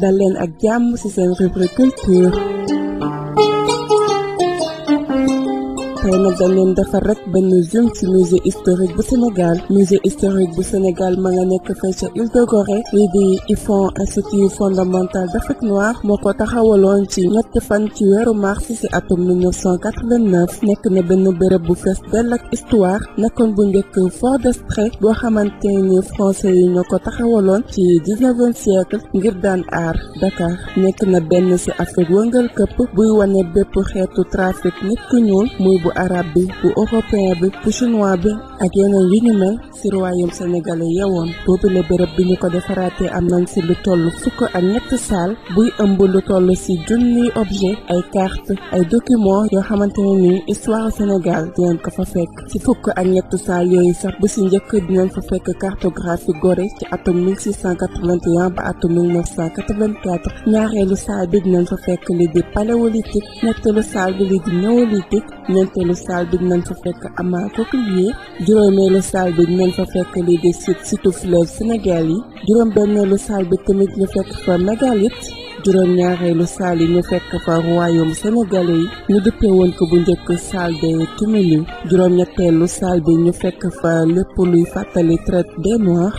dal leen ak jàmm ci seen rubrique culture tey nag dañ leen defar rek benn zoom ci musée historique bu Sénégal musée historique bu Sénégal ma nga nekk fee ca Île de Gorée lii di IFON institut fondamental d'Afrique noire moo ko taxawaloon ci ñetti fan ci weeru mars ci atum 1989 nekk na benn béréb bu fees dell ak histoire nekkoon bu njëkk fort d'Estrée boo xamante ni français yi ñoo ko taxawaloon ci 19e siècle ngir daan aar Dakar nekk na benn ci Afrique wëngal këpp buy wane bépp xeetu trafic nit ku ñuul muy bu arabe bi bu européen bi bu chinois bi ak yeneen yu ñu mel ci royaume sénégalais yewoon boobu la bi ñu ko defaraatee am nañ ci lu toll fukk ak ñett saal buy ëmb lu toll ci junniy objet ay carte ay document yoo xamante ne ni histoire Sénégal dinañ ko fa fekk ci fukk ak ñett saal yooyu sax bu ci njëkk dinañ fa fekk cartographie Gorée ci atum 1681 ba atum 1984 ñaareelu saal bi dinañ fa fekk li di paléolithique ñetteelu saal bi li di néolithique ñeenteelu ñetteelu salle nañ fa fekk Amar Coculier juróomeelu salle bi nañ fa fekk lii di site surtout fleuve Sénégal yi juróom benneelu saal bi tamit ñu fekk fa mégalithe juróom ñaareelu saal yi ñu fekk fa royaume sénégalais yi ñu duppee woon ko bu njëkk salle des Tumuliw juróom ñetteelu salle bi ñu fekk fa lépp luy fàttali traite des noirs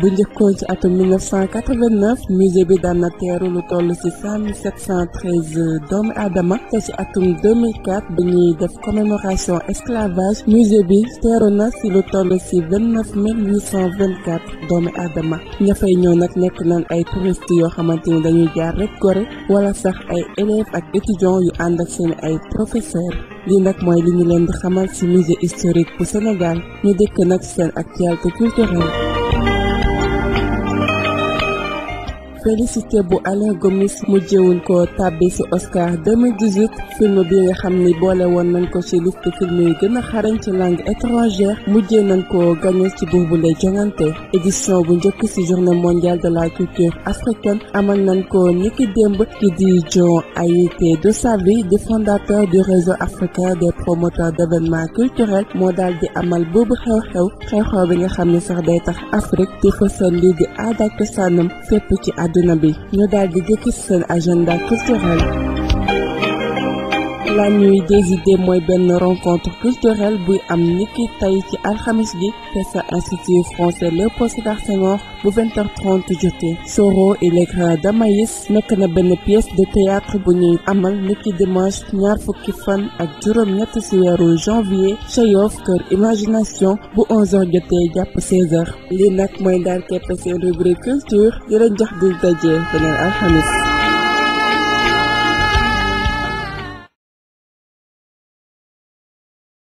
bu njëkkoon ci atum 1989 musée bi daan na teeru lu toll ci 1713 doomu aadama te ci atum 2004 bi ñuy def commémoration esclavage musée bi teeru na ci lu toll ci 29824 doomu aadama ña fay ñëw nag nekk nañ ay touristes yoo xamante ni dañuy jaar rek Gorée wala sax ay élèves ak étudiants yu ànd ak seen ay professeurs. lii nag mooy li ñu leen di xamal ci musée historique bu Sénégal ñu dëkk nag seen actualité culturelle félicité bu Alain Gomis mu jëwul ko tàbbi ci Oscar 2018 film bi nga xamni bolé won nañ ko ci liste film yi gëna xarañ ci langue étrangère mu mujjee nañ ko gagné ci boobule jongante édition bu ñëk ci journée mondiale de la culture africaine amal nañ ko niki démb ci di John Ayité de Dossavi de fondateur du réseau africain des promoteurs d'événements culturels mo dal di amal boobu xew-xew xew-xew bi nga xamni sax day tax Afrique di fësal lii di aada ak fépp ci ad De Donabé. Nous avons des seul agenda culturel la nuit des idées mooy rencontre culturelle bu am niki tay ci alhamis institut français Le Poste d'arsenor bu 20h30 jotee Soro et les grains de maïs avons na pièce de théâtre bu ñuy amal niki dimanche ñaar fukki fan ak juroom ñett ci janvier cheyof cœur imagination bu 11h jotee japp 16h li qui moy daal keppe seen rubrique culture di leen jox de dajee beneen